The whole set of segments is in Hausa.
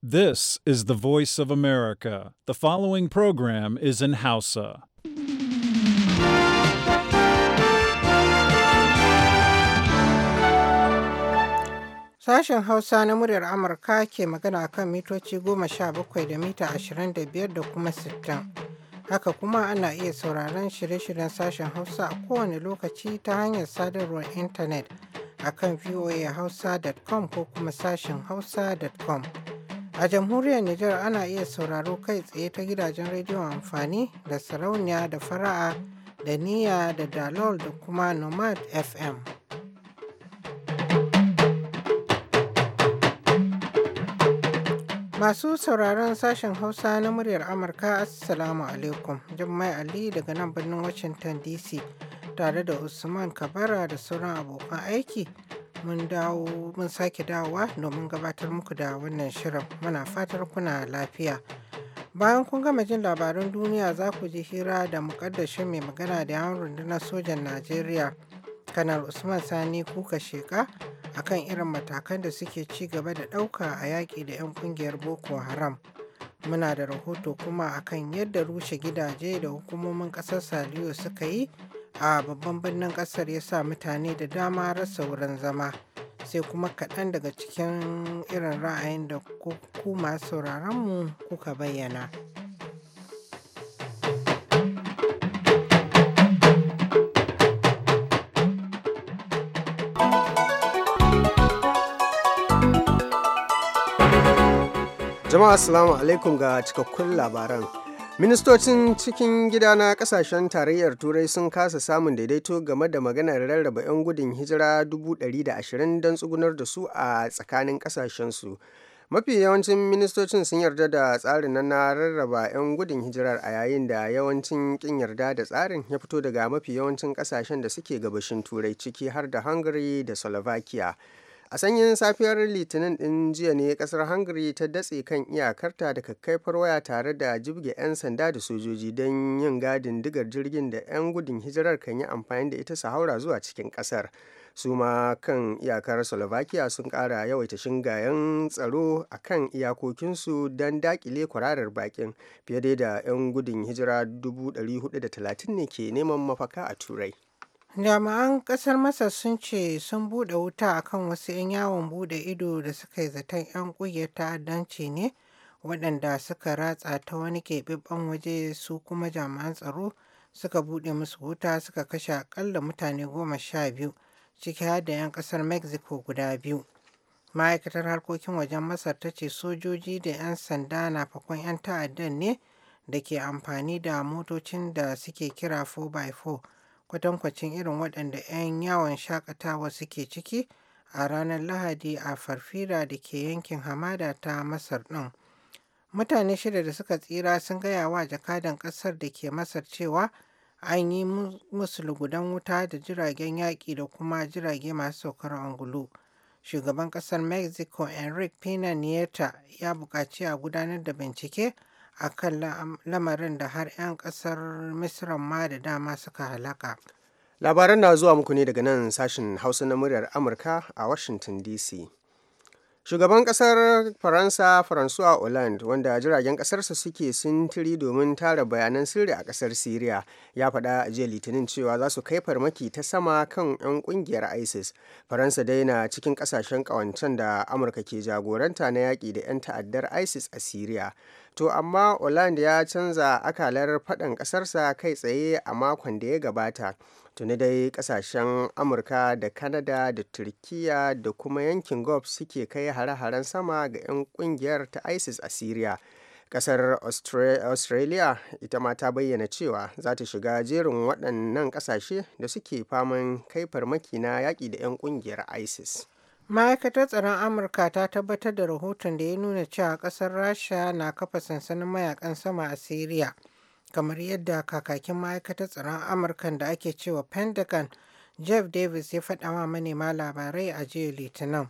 This is the voice of America. The following program is in Hausa. Sashen Hausa na muryar Amurka ke magana kan mitoci goma sha bakwai da mita ashirin da biyar da kuma sittin. Haka kuma ana iya sauraron shirye-shiryen sashen Hausa a kowane lokaci ta hanyar sadarwar intanet a kan voahausa.com ko kuma sashen hausa.com. A jamhuriyar Nijar ana iya sauraro kai tsaye ta gidajen rediyon amfani da sarauniya da fara'a da Niya da dalol da kuma nomad FM. Masu sauraron sashen Hausa na muryar Amurka Assalamu alaikum. Jummai Ali daga nan birnin Washington DC tare da Usman Kabara da sauran abokan aiki mun dawo mun sake dawowa domin gabatar muku da wannan shirin muna fatar kuna lafiya bayan kun gama jin labaran duniya za ku ji hira da mukaddashin mai magana da yawon rundunar sojan najeriya kanar usman sani kuka sheka akan irin matakan da suke ci gaba da ɗauka a yaƙi da 'yan ƙungiyar boko haram muna da rahoto kuma akan yadda rushe gidaje da hukumomin ƙasar saliyo suka yi a babban birnin kasar ya sa mutane da dama rasa wurin zama sai kuma kaɗan daga cikin irin ra'ayin da ku masu mu kuka bayyana. Jama'a Assalamu alaikum ga cikakkun labaran. ministocin cikin gida na kasashen tarayyar turai sun kasa samun daidaito game da maganar rarraba 'yan gudun hijira 120 don tsugunar da su a tsakanin kasashensu mafi yawancin ministocin sun yarda da tsarin nan na rarraba 'yan gudun hijirar a yayin da yawancin kin yarda da tsarin ya fito daga mafi yawancin kasashen da suke gabashin turai ciki har da hungary da slovakia A sanyin safiyar Litinin ɗin jiya ne ƙasar Hungary ta datse kan iyakarta da kakkaifar waya tare da jibge 'yan sanda da sojoji don yin gadin digar jirgin da 'yan gudun hijirar kan yi amfani da ita su haura zuwa cikin ƙasar. su ma kan iyakar slovakia sun kara yawaita shingayen tsaro a kan iyakokinsu don dakile kwararar bakin fiye da 'yan gudun hijira 430 ne ke neman mafaka a turai Jami'an ƙasar Masar sun ce sun buɗe wuta a kan wasu 'yan yawon bude ido da suka yi zaton 'yan ƙungiyar ta'addanci ne waɗanda suka ratsa ta wani keɓaɓɓen waje su kuma jami'an tsaro suka buɗe musu wuta suka kashe aƙalla mutane goma sha biyu ciki har da 'yan ƙasar Mexico guda biyu. Ma'aikatar harkokin wajen Masar ta ce sojoji da 'yan sanda na fakon 'yan ta'addan ne da ke amfani da motocin da suke kira 4x4 kwatankwacin irin waɗanda 'yan yawon shakatawa suke ciki a ranar Lahadi a Farfira da ke yankin hamada ta Masar ɗin. Mutane shida da suka tsira sun gaya wa jakadan ƙasar da ke Masar cewa an yi musu lugudan wuta da jiragen yaƙi da kuma jirage masu saukar angulu. Shugaban ƙasar Mexico Enrique Pena Nieta ya buƙaci a gudanar da bincike a kan lamarin da har 'yan ƙasar misran ma da dama suka halaka. labaran na zuwa muku ne daga nan sashen hausa na muryar amurka a washington dc Shugaban kasar Faransa François Hollande wanda jiragen kasarsa suke sintiri domin tara bayanan sirri a kasar Siriya ya faɗa a jiya Litinin cewa za su kai farmaki ta sama kan 'yan kungiyar ISIS. Faransa dai na cikin kasashen ƙawancen da Amurka ke jagoranta na yaƙi da 'yan ta'addar ISIS a Siriya. To amma Hollande ya canza akalar faɗan ƙasarsa kai tsaye a makon da ya gabata tuni dai kasashen amurka da kanada da turkiya da kuma yankin gulf suke kai hare-haren sama ga 'yan kungiyar ta isis a syria kasar australia ita ma ta bayyana cewa za ta shiga jerin waɗannan kasashe da suke faman kai farmaki na yaƙi da 'yan kungiyar isis ma'aikatar tsaron amurka ta tabbatar da rahoton da ya nuna cewa kasar rasha na kafa sansanin mayakan sama a syria kamar yadda kakakin ma'aikatar tsaron amurkan da ake cewa pentagon jeff davis ya faɗa wa manema labarai a jiya litinin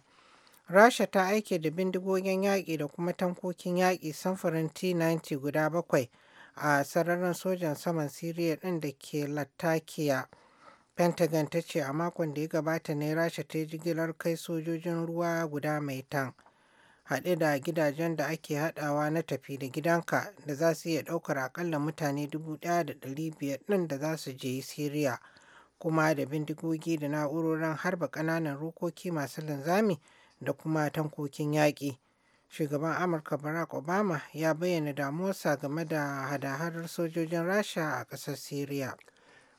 rasha ta aike da bindigogin yaƙi da kuma tankokin yaƙi samfurin t-90 guda bakwai a sararin sojan saman siriya ɗin da ke latakia pentagon ta ce a makon da ya gabata ne rasha ta yi jigilar kai sojojin ruwa guda mai tan haɗe da gidajen da ake haɗawa na tafi da gidanka da za su iya ɗaukar akalla mutane 1,500 ɗin da za su je Siriya, kuma da bindigogi da na'urorin harba ƙananan rokoki masu linzami da kuma tankokin yaƙi. Shugaban Amurka Barack Obama ya bayyana damuwarsa game da hada-hadar sojojin Rasha a ƙasar Siriya.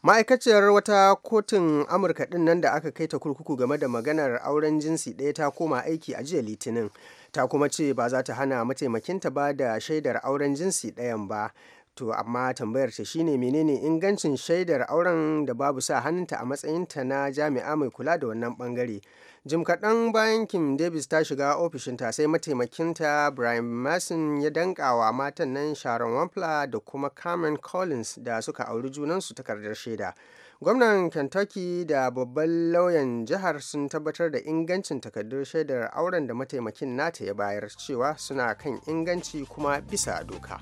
ma'aikaciyar wata kotun amurka ɗin nan da aka kai ta kurkuku game da maganar auren jinsi ɗaya ta koma aiki a jiya litinin ta kuma ce ba za ta hana mataimakinta ba da shaidar auren jinsi ɗayan ba to amma tambayar ta shine menene ingancin shaidar auren da babu sa hannunta a matsayinta na jami'a mai kula da wannan bangare jim kaɗan bayan kim davis ta shiga ofishinta sai mataimakinta brian mason ya dankawa matan nan sharon wampler da kuma carmen collins da suka auri junansu takardar shaida gwamnan kentucky da babban lauyan jihar sun tabbatar da ingancin takardun shaidar auren da mataimakin nata ya bayar cewa suna kan inganci kuma bisa doka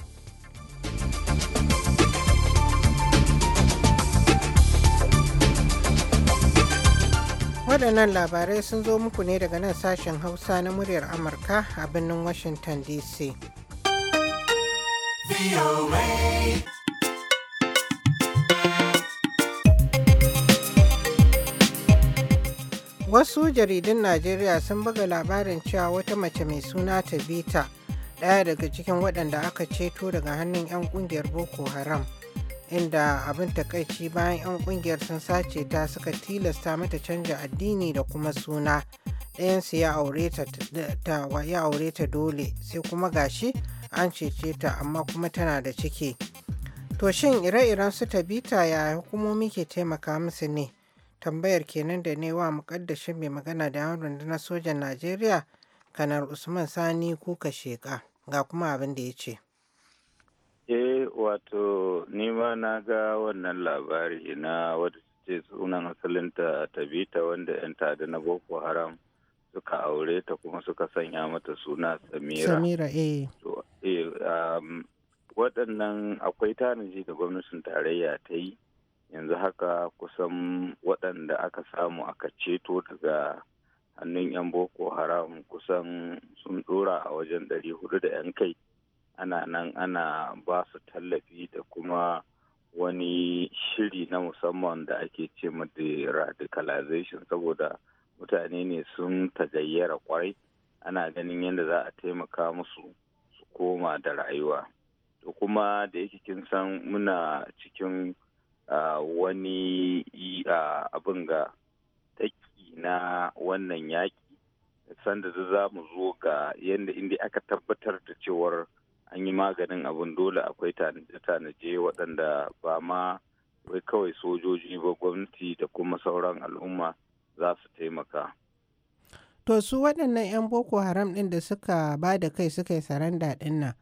waɗannan labarai sun zo muku ne daga nan sashen hausa na muryar amurka a birnin washington dc Wasu jaridun Najeriya sun buga labarin cewa wata mace mai suna Tabita ɗaya daga cikin waɗanda aka ceto daga hannun 'yan ƙungiyar Boko Haram. Inda abin takaici bayan 'yan ƙungiyar sun sace ta suka tilasta mata canja addini da kuma suna. ɗayansu ya aure ta aure ta dole sai kuma gashi an cece ta amma kuma tana da ciki. To shin ire-iren su tabita ya hukumomi ke taimaka musu ne? Tambayar kenan da ne wa mukaddashin mai magana da yawon rundunar sojan Najeriya, Kanar Usman Sani kuka sheka ga kuma abin da ya ce. Eh wato nima na ga wannan labari na wata ce sunan asalinta Tabita wanda 'yan tada na Boko Haram suka aure ta kuma suka sanya mata suna Samira. Samira eh. eh um, waɗannan akwai tanaji da gwamnatin tarayya ta yi. yanzu haka kusan waɗanda aka samu aka ceto daga hannun 'yan boko haram kusan sun ɗora a wajen 400 da 'yan kai ana nan ana ba su tallafi da kuma wani shiri na musamman da ake ce da radicalization saboda mutane ne sun tagayyara kwarai ana ganin yadda za a taimaka musu su koma da rayuwa to kuma da yake kin san muna cikin wani abin ga taki na wannan yaki sanda za mu zo ga yadda inda aka tabbatar da cewar an yi maganin abin dole akwai tanaje waɗanda ba ma wai kawai sojoji ba gwamnati da kuma sauran al'umma za su taimaka. To su waɗannan 'yan Boko Haram ɗin da suka ba da kai suka yi saranda ɗin nan,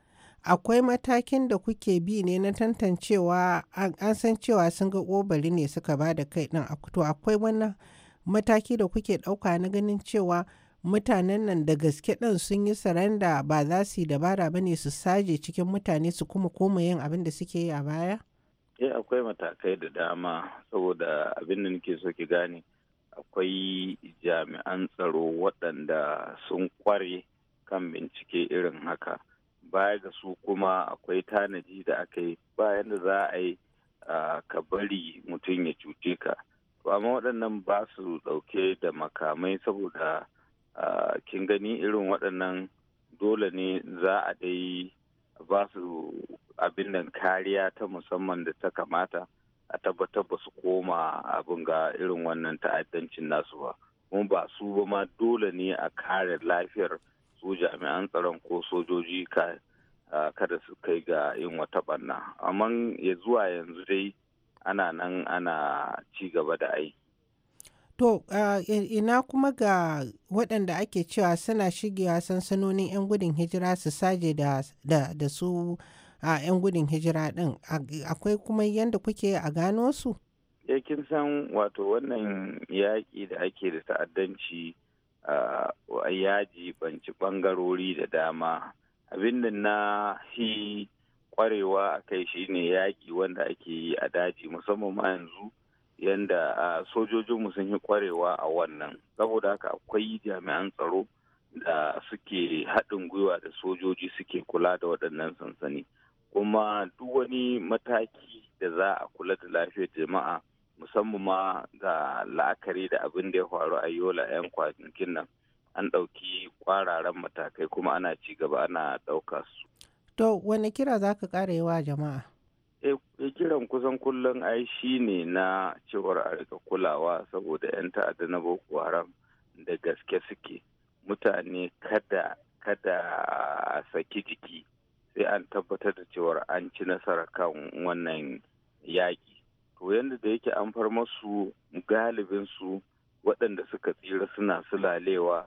akwai matakin da kuke bi ne na tantancewa an san cewa sun ga ƙobali ne suka ba da kai ɗin to akwai wannan mataki da kuke ɗauka na ganin cewa mutanen nan da gaske ɗin sun yi saranda ba za su yi dabara ba ne su saje cikin mutane su kuma koma yin abin da suke yi a baya? Eh akwai matakai da dama saboda abin da nake so ki gane akwai jami'an tsaro waɗanda sun kware kan bincike irin haka. baya ga su kuma akwai tanadi da aka yi bayan da za a yi ka bari mutum ya cuce ka to amma waɗannan ba su ɗauke da makamai saboda kin gani irin waɗannan dole ne za a dai ba su abin nan kariya ta musamman da ta kamata a tabbatar ba su koma abin ga irin wannan ta'addancin nasu ba kuma ba su ba ma dole ne a kare lafiyar su jami'an tsaron ko sojoji kada su kai ga yin wata banna amma ya zuwa yanzu dai ana nan ana ci gaba da aiki To, ina kuma ga waɗanda ake cewa suna shigewa sansanonin 'yan gudun hijira su saje da, su a 'yan gudun hijira ɗin, akwai kuma yadda kuke a gano su? Ya eh, kin san wato wannan yaƙi da ake da ta'addanci Uh, ya jibanci ɓangarori da dama abin da na fi kwarewa a kai shine yaƙi wanda ake yi a daji musamman ma yanzu yanda uh, sojojinmu sun yi kwarewa a wannan saboda haka akwai jami'an tsaro da suke haɗin gwiwa da sojoji suke kula da waɗannan sansani kuma duk wani mataki da za a kula da lafiyar jama'a musamman ma ga la'akari da abin da ya faru a yola 'yan kwanakin nan an ɗauki ƙwararren matakai kuma ana ci gaba ana ɗauka su. To wani kira za ka ƙara yawa jama'a? E kiran kusan kullum ai shi ne na cewar a rika kulawa saboda 'yan ta'adda na Boko Haram da gaske suke. Mutane kada kada a saki jiki sai an tabbatar da cewar an ci nasara kan wannan yaƙi. to yadda da yake an far masu galibin su waɗanda suka tsira suna sulalewa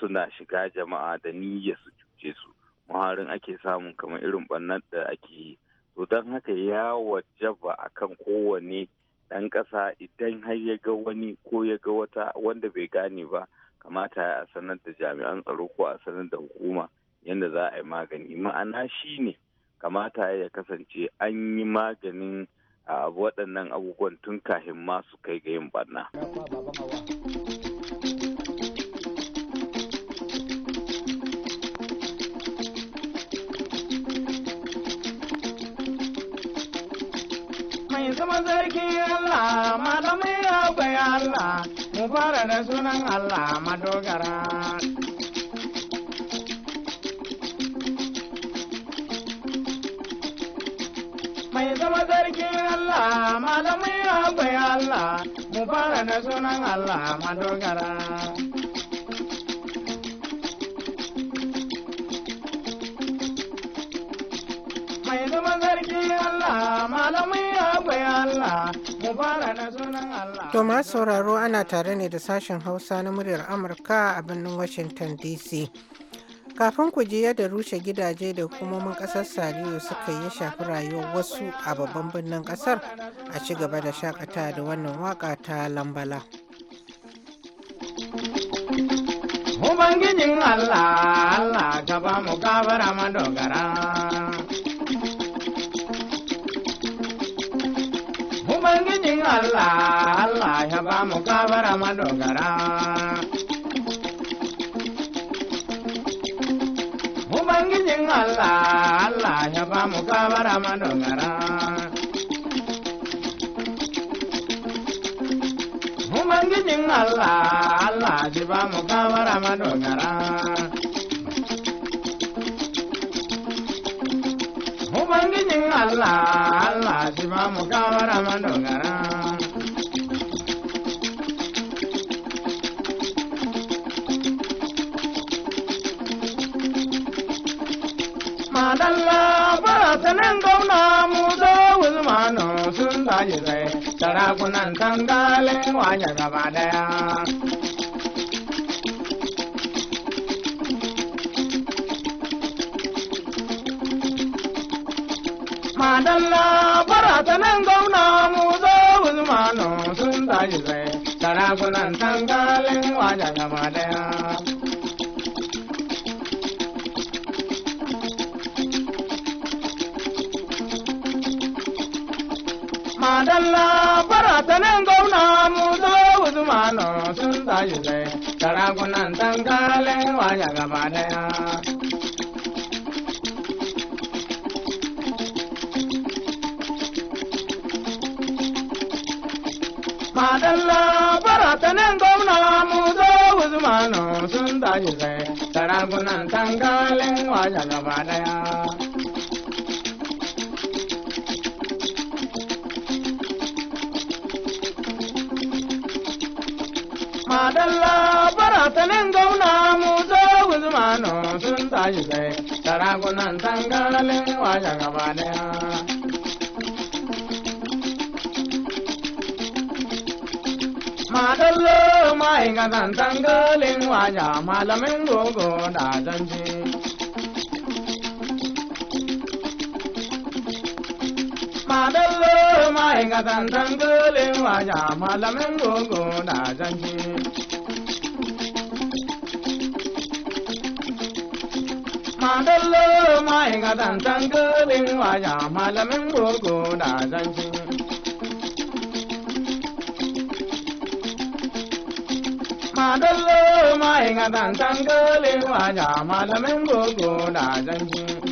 suna shiga jama'a da niyya su cuce su muharin ake samun kamar irin ɓannar da ake yi to don haka ya wajaba kan kowane ɗan ƙasa idan har ya ga wani ko ya ga wata wanda bai gane ba kamata a sanar da jami'an tsaro ko a sanar da hukuma yadda za a yi magani ma'ana shi ne kamata ya kasance an yi maganin A waɗannan abubuwan tun kahin ma su kai ga yin barna. Mai zama zarki Allah, malamai akwai Allah, mu fara da sunan Allah madogara. zama zargin Allah malamai akwai Allah mu fara da sunan Allah madogara. Mai zama zargin Allah malamai akwai Allah mu fara da sunan Allah. To sauraro ana tare ne da sashen Hausa na muryar Amurka a birnin Washington DC. kafin ku je yadda rushe gidaje da hukumomin kasar saliyo suka yi shafi rayuwar wasu a babban birnin kasar a ci gaba da shakata da wannan waka ta lambala Ubangijin Allah, Allah ka mu gabara madogara. Ubangijin Allah, Allah ya ba mu kabara madogara. jin Allah Allah ya ba mu gabara madogara Ubangijin Allah Allah ji ba mu gabara madogara Allah Allah ji ba mu Madala dalla fasalin gauna mu zo wulmanu sun tashi sai sarakunan tangalin wanya gaba daya. Madalla fasalin gauna mu zo wulmanu sun tashi sai sarakunan tangalin wanya gaba Allah faratanin gauna mu zo Usmanu sun tashi sai sarakunan tankalin waya gaba daya. Madalla faratanin gauna mu zo Usmanu sun tashi sai sarakunan tankalin dalla baratanen gauna mu uzmano guzmano sun tashi sai sarakunan tangaralin washe gaba daya madallo ma'aikatan tangalin waya malamin gogo da adallo mai ga tan tan gule wa ya malamin gogo na zanji adallo mai ga tan tan gule wa ya malamin gogo na zanji adallo mai ga tan tan gule wa ya malamin gogo na zanji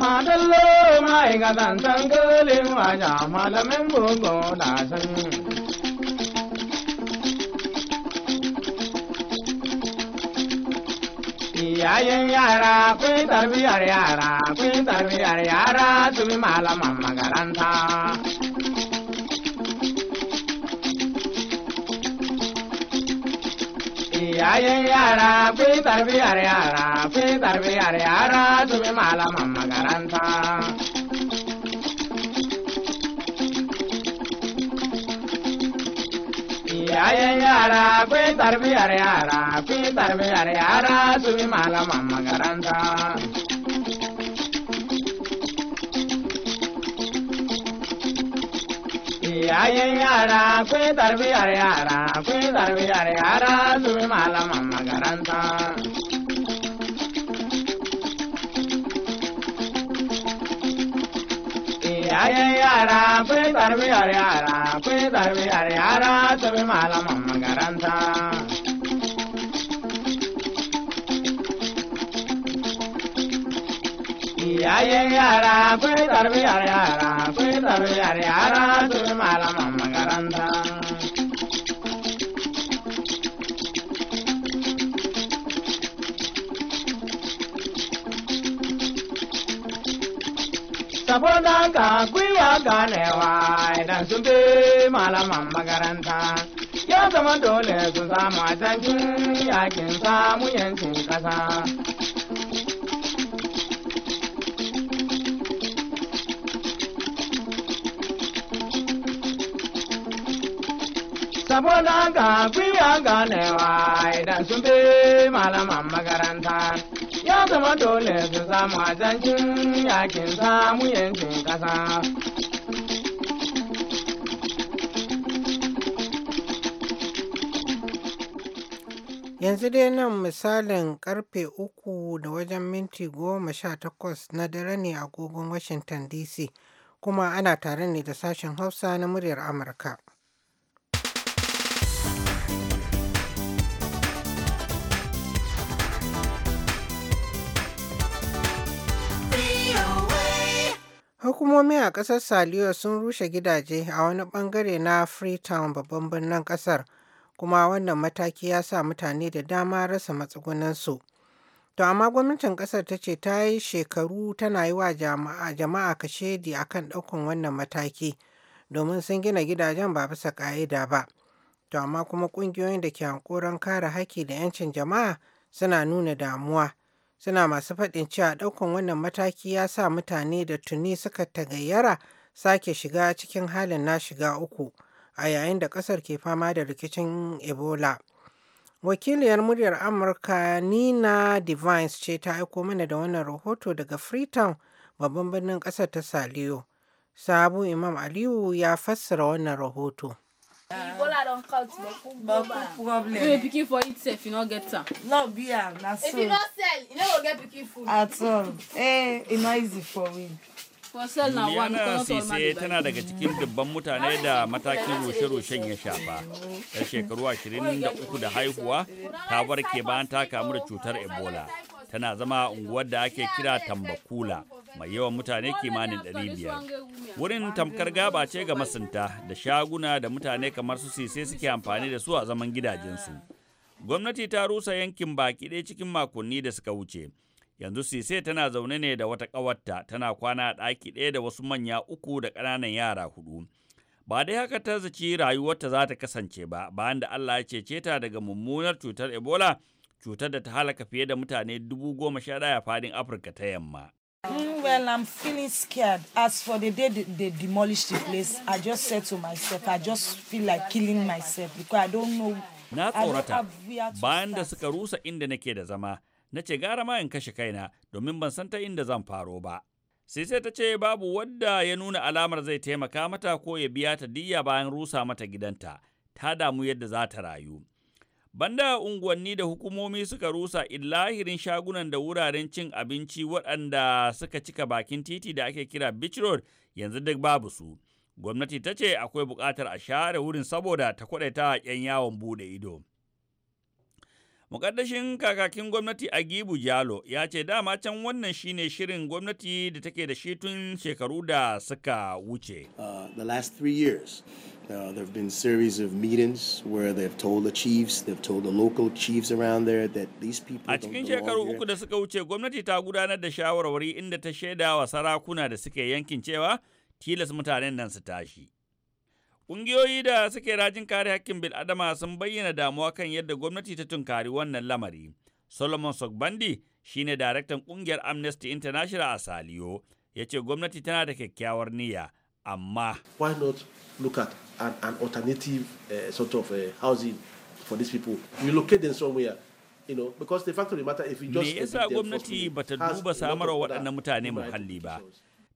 madallo mai ga dan tangalin waya malamin bugu da san Iyayen yara kun tarbiyar yara kun tarbiyar yara tumi malaman makaranta. Iyayen yara kun tarbiyar yara kun tarbiyar yara tumi malaman Ya yara kun yara kun tarbiyar yara su bi yara kun yara kun tarbiyar yara su malaman makaranta Ajaya యారా పై తరవి హరియారా పై తరవి హరియారా తవి మాలమమ్మ గరంధ యారా పై తరవి హరియారా పై తరవి హరియారా తవి మాలమమ్మ గరంధ murna ka gwiwa ganewa idan sun bi malaman makaranta ya zama dole sun samu ajancin yakin samu yancin kasa saboda ga gwiwa ganewa idan sun bi malaman makaranta zama dole su samu azancin yakin samu yancin ƙasa. Yanzu dai nan misalin karfe uku da wajen minti goma sha takwas na dare ne a agogon Washington DC kuma ana tare ne da sashen Hausa na muryar Amurka. Hukumomi a ƙasar Saliyo sun rushe gidaje a wani ɓangare na Freetown babban birnin ƙasar, kuma wannan mataki ya sa mutane da dama rasa matsugunansu. To amma gwamnatin ƙasar ta ce ta yi shekaru tana yi wa jama'a kashedi a kan ɗaukan wannan mataki, domin sun gina gidajen ba bisa ƙa'ida ba. To amma kuma ƙungiyoyin da ke hankoron kare haƙƙi da 'yancin jama'a suna nuna damuwa suna masu faɗin cewa ɗaukan wannan mataki ya sa mutane da tuni suka tagayyara sake shiga cikin halin na shiga uku a yayin da ƙasar ke fama da rikicin ebola wakiliyar muryar amurka nina devines ce ta aiko mana da wannan rahoto daga freetown babban birnin ƙasar ta saliyo sabu imam aliyu ya fassara wannan rahoto Ah. Ebola don but for you no get am. No be na so. If you no sell, you no go get pikin food. At all. Eh, e easy for we. Sise tana daga cikin dubban mutane da matakin rushe-rushen ya shafa. Yar shekaru 23 da haihuwa ta warke bayan ta kamu da cutar Ebola. tana zama unguwar da ake kira Tambakula mai yawan mutane kimanin 500. Wurin tamkar gaba ce ga masunta da shaguna da mutane kamar su sise suke amfani da su a zaman gidajensu. Gwamnati ta rusa yankin baki ɗaya cikin makonni da suka wuce. Yanzu sise tana zaune ne da wata ƙawarta tana kwana a ɗaki ɗaya da wasu manya uku da ƙananan yara hudu. ba dai haka ta zaci rayuwarta za ta kasance ba bayan da Allah ya cece ta daga mummunar cutar Ebola cutar da ta halaka fiye da mutane dubu goma sha daya fadin Afirka ta yamma. Mm, well, I'm feeling scared. As for the day they, demolish the place, I just said to myself, I just feel like killing myself because I don't know. Na tsorata bayan da suka rusa inda nake da zama, na ce gara ma in kashe kaina domin ban san ta inda zan faro ba. Sai sai ta ce babu wadda ya nuna alamar zai taimaka mata ko ya biya ta diyya bayan rusa mata gidanta, ta damu yadda za ta rayu. banda unguwanni da hukumomi suka rusa illahirin shagunan da wuraren cin abinci waɗanda suka cika bakin titi da ake kira beach road yanzu duk babu su gwamnati ta ce akwai buƙatar a share wurin saboda ta kwaɗaita 'yan yawon buɗe ido Mukaddashin kakakin gwamnati a Gibu Jalo ya ce dama can wannan shine shirin gwamnati da take da shi tun shekaru da suka wuce. Uh, the last three years, uh, there have been series of meetings where they've told the chiefs, they've told the local chiefs around there that these people A cikin shekaru uku da suka wuce gwamnati ta gudanar da shawarwari inda ta shaida wa sarakuna da suke yankin cewa tilas mutanen nan su tashi. Ƙungiyoyi da suke rajin kare hakkin bil'adama sun bayyana damuwa kan yadda gwamnati ta tunkari wannan lamari. Solomon Sogbandi ne daraktan ƙungiyar Amnesty International a Saliyo, ya ce gwamnati tana da kyakkyawar niyya, amma. Why not look at an, an alternative uh, sort of uh, housing for these people? You locate them somewhere. yasa gwamnati bata duba samarwa waɗannan mutane muhalli ba,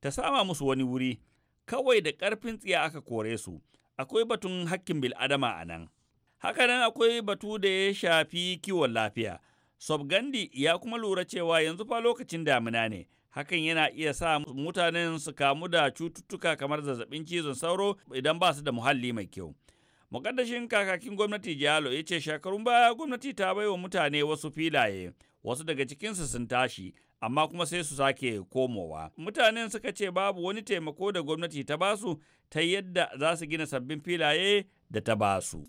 ta sama musu wani wuri, kawai da ƙarfin tsiya aka kore su. akwai batun hakkin bil'adama a nan. haka nan akwai batu da ya shafi kiwon lafiya. Gandhi ya kuma lura cewa yanzu fa lokacin damina ne, hakan yana iya sa mutanen su kamu da cututtuka kamar zazzabin cizon sauro idan ba su da muhalli mai kyau. Mukaddashin kakakin gwamnati Jalo ya ce shekarun baya gwamnati ta baiwa mutane wasu filaye, wasu daga cikinsu sun tashi, amma kuma sai su sake komowa. Mutanen suka ce babu wani taimako da gwamnati ta basu ta yadda za su gina sabbin filaye da ta basu.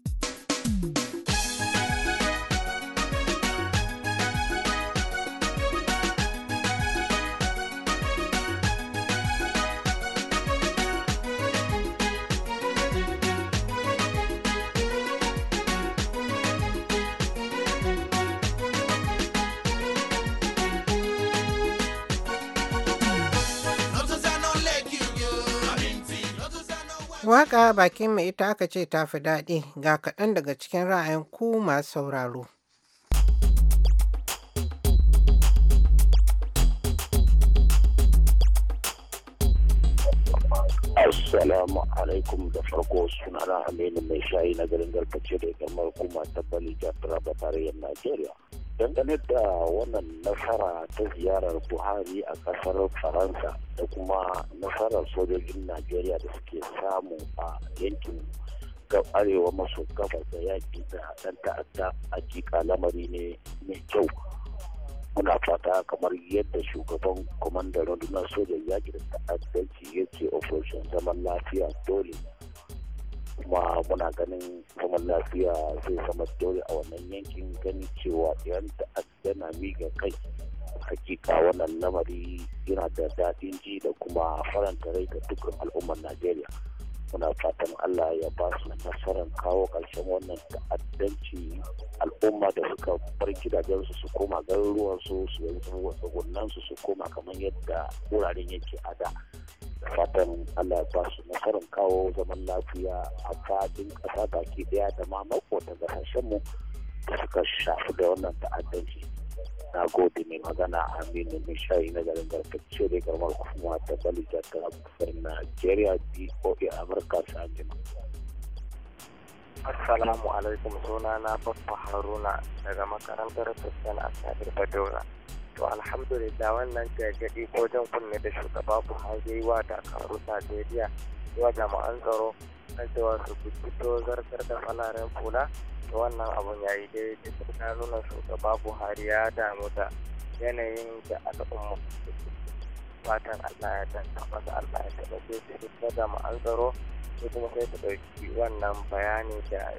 Waka, bakin mai ita aka ce ta fi daɗi ga kaɗan daga cikin ra'ayin ku masu sauraro. Assalamu alaikum da farko suna na Aminu mai shayi na garin garkace da kamar kuma ta Bali Jafira ba tarayyar Najeriya. dangane da wannan nasara ta ziyarar buhari a kasar faransa da kuma nasarar sojojin najeriya da suke samu a yankin arewa maso gabas da yaƙi da ɗan ta'adda a jika lamari ne mai kyau muna fata kamar yadda shugaban kwamandan rundunar sojan yaƙi da ta'addanci ya ce operation zaman lafiya dole kuma muna ganin zaman lafiya zai zama dole a wannan yankin ganin cewa yan ta'adda na miga kai hakika wannan lamari yana da daɗin ji da kuma faranta rai ga dukkan al'ummar najeriya muna fatan allah ya ba su nasarar kawo ƙarshen wannan ta'addanci al'umma da suka bar gidajensu su koma garuruwansu su yanzu wasu su koma kamar yadda wuraren yake a da fatan Allah ya basu nasarar kawo zaman lafiya a fadin ƙasa baki ɗaya da ma ga mu da suka shafi da wannan ta'addanci. Na gode mai magana Aminu mai shayi na garin gargace da garmar kuma ta balija ta kufar nigeria BOA Amurka su anjima. Assalamu alaikum na babba Haruna daga makarantar Sassan Asadir Badola. to alhamdulillah wannan gargaɗi ko jan kunne da shugaba buhari ya yi wa dakarun najeriya wa jama'an tsaro na cewa su guji zartar da falaren kula da wannan abun ya yi dai da nuna shugaba buhari ya damu da yanayin da al'umma fatan allah ya danta masa allah ya taɓa ce su da jami'an tsaro ko kuma sai ta ɗauki wannan bayani da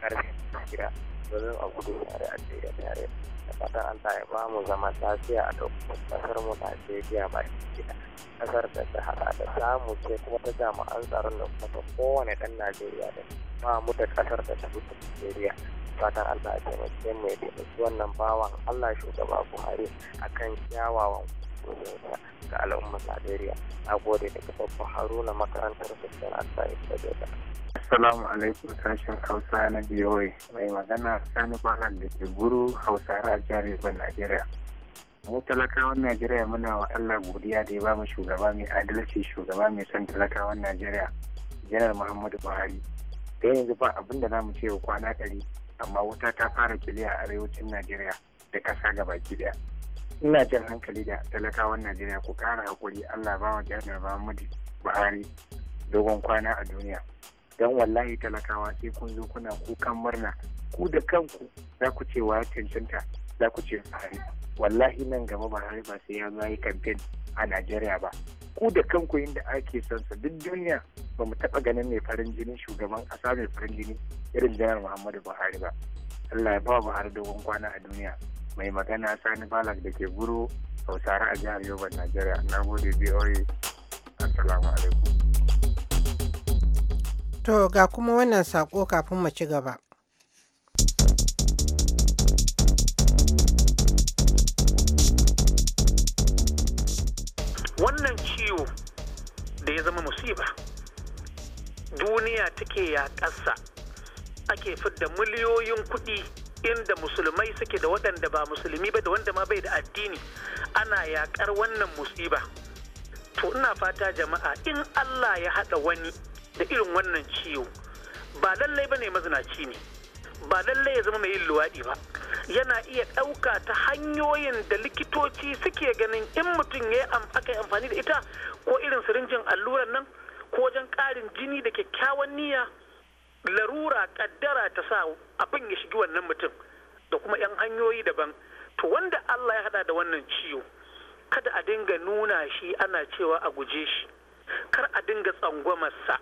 ƙarfin gida domin a gudu yare a tsere yare da fatan Allah ya ba mu zama lafiya a dokokin kasar mu Najeriya ba gida ƙasar da ta haɗa da samu ce kuma ta jami'an tsaron da kuma ta kowane ɗan Najeriya da ba mu da kasar da ta fita Najeriya fatan Allah ya taimake mu ya taimaki wannan bawan Allah shugaba Buhari akan kyawawan ga al'ummar Najeriya. Na gode daga babban Haruna makarantar Sassan al da Jada. Assalamu alaikum sashen Hausa na BOA mai magana Sani Balan da ke guru Hausa a jihar Najeriya. mu talakawan najeriya muna wa allah godiya da ya ba mu shugaba mai adalci shugaba mai son talakawan najeriya janar muhammadu buhari da yanzu ba abin da namu ce wa kwana ɗari amma wuta ta fara kiliya a arewacin najeriya da ƙasa gabaki ɗaya ina jan hankali da talakawan najeriya ku kara hakuri allah ba wa jami'ar muhammadu buhari dogon kwana a duniya don wallahi talakawa sai kun zo kuna kukan murna ku da kanku za ku ce wa cancanta za ku ce buhari wallahi nan gaba buhari ba sai ya zo yi kamfen a najeriya ba ku da kanku inda ake son sa duk duniya ba mu taɓa ganin mai farin jini shugaban ƙasa mai farin jini irin janar muhammadu buhari ba allah ya ba buhari dogon kwana a duniya mai magana sani balak da ke buru sautare a jihar yoban najeriya na gode biyoyi assalamu alaikum to ga kuma wannan sako kafin mu ci gaba wannan ciwo da ya zama musiba duniya take ya ƙasa ake fidda miliyoyin kuɗi inda musulmai suke da waɗanda ba musulmi ba da wanda ma bai da addini ana yaƙar wannan musiba to ina fata jama'a in Allah ya haɗa wani da irin wannan ciwo ba lallai ba ne mazinaci ne ba lallai ya zama mai yin luwaɗi ba yana iya ɗauka ta hanyoyin da likitoci suke ganin in mutum ya aka yi amfani da ita ko irin sirinjin allurar nan ko wajen ƙarin jini da kyakkyawan niyya larura kaddara ta sa abin ya shigi wannan mutum da kuma 'yan hanyoyi daban to wanda Allah ya hada da wannan ciwo kada a dinga nuna shi ana cewa a guje shi kar a dinga tsangwamarsa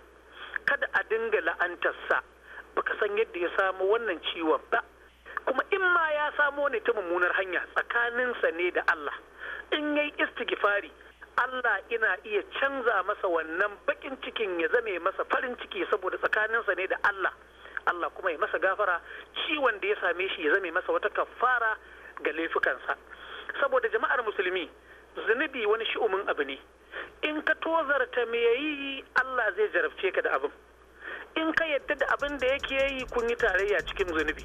kada a dinga la'antarsa baka san yadda ya samu wannan ciwon ba kuma in ma ya samo ne ta mummunar hanya tsakaninsa ne da Allah in yayi istighfari Allah ina iya canza masa wannan bakin cikin ya zame masa farin ciki saboda tsakaninsa ne da Allah Allah kuma ya masa gafara ciwon da ya same shi ya zame masa wata kafara ga laifukansa saboda jama'ar musulmi zunubi wani shi'umin abu ne in ka tozarta me yayi Allah zai jarabce ka da abin in ka yadda da abin da yake yi kun yi tarayya cikin zunubi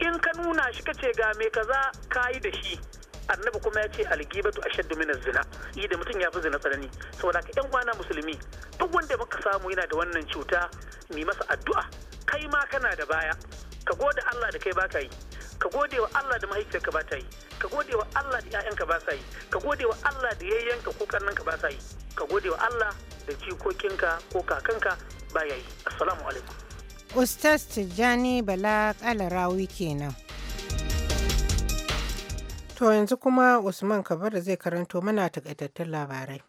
in ka nuna shi ka ce ga me kaza ka yi da shi annabi kuma ya ce algibatu ashaddu min zina yi da mutum ya fi zina tsanani saboda ka yan uwana musulmi duk wanda muka samu yana da wannan cuta mi masa addu'a kai ma kana da baya ka gode Allah da kai baka yi ka gode wa Allah da mahaifiyarka ba ta yi ka gode wa Allah da 'ya'yanka ba sa yi ka gode wa Allah da yayyanka ko kannanka ba sa yi ka gode wa Allah da jikokinka ko kakanka ba ya yi assalamu alaikum ustaz tijjani bala kalarawi kenan To yanzu kuma Usman kabar zai karanto mana takaitattun labarai.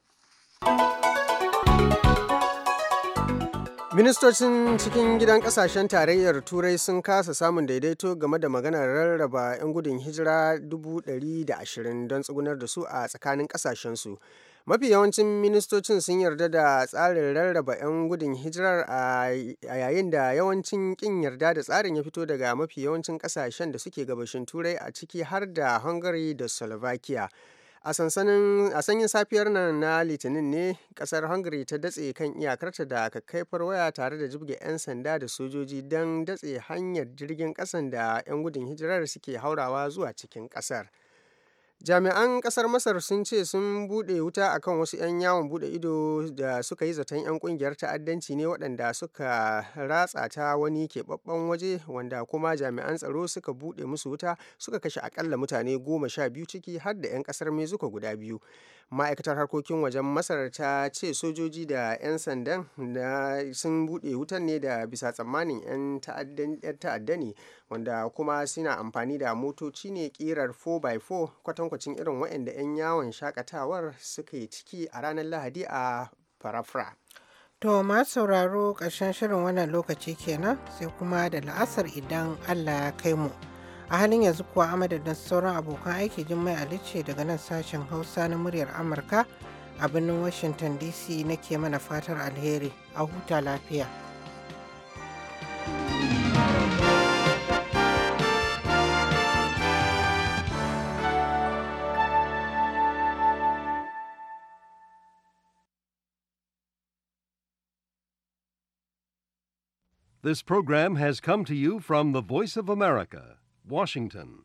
Ministocin cikin gidan kasashen tarayyar Turai sun kasa samun daidaito game da maganar rarraba 'yan gudun hijira 120 don tsugunar da su a tsakanin kasashensu. su. Mafi yawancin ministocin sun yarda da tsarin rarraba 'yan gudun hijirar a yayin da yawancin kin yarda da tsarin ya fito daga mafi yawancin ƙasashen da suke gabashin Turai a ciki har da Hungary da Slovakia. a sansanin a sanyin safiyar nan na litinin ne kasar hungary ta datse kan iyakarta da kakkaifar waya tare da jibge 'yan sanda da sojoji don datse hanyar jirgin kasan da 'yan gudun hijirar suke haurawa zuwa cikin kasar Jami'an kasar Masar sun ce sun bude wuta akan wasu 'yan yawon bude ido da suka yi zaton 'yan kungiyar ta'addanci ne waɗanda suka ratsa ta wani keɓaɓɓen waje wanda kuma jami'an tsaro suka bude musu wuta suka kashe akalla mutane goma sha biyu ciki har da 'yan ƙasar Mexico guda biyu. ma'aikatar harkokin wajen masar ta ce sojoji da 'yan sandan sun buɗe wutan ne da bisa tsammanin 'yan ta'adda ne wanda kuma suna amfani da motoci ne ƙirar 4x4 kwatankwacin irin waɗanda 'yan yawon shakatawar suka yi ciki a ranar lahadi a farafra To ma sauraro ƙarshen shirin wannan lokaci kenan sai kuma da la'asar idan Allah ya kai mu. a halin yanzu kuwa amadu da sauran abokan aiki jimmai alice daga nan sashen hausa na muryar amurka a birnin washington dc nake mana fatar alheri a huta lafiya This program has come to you from the Voice of America, Washington.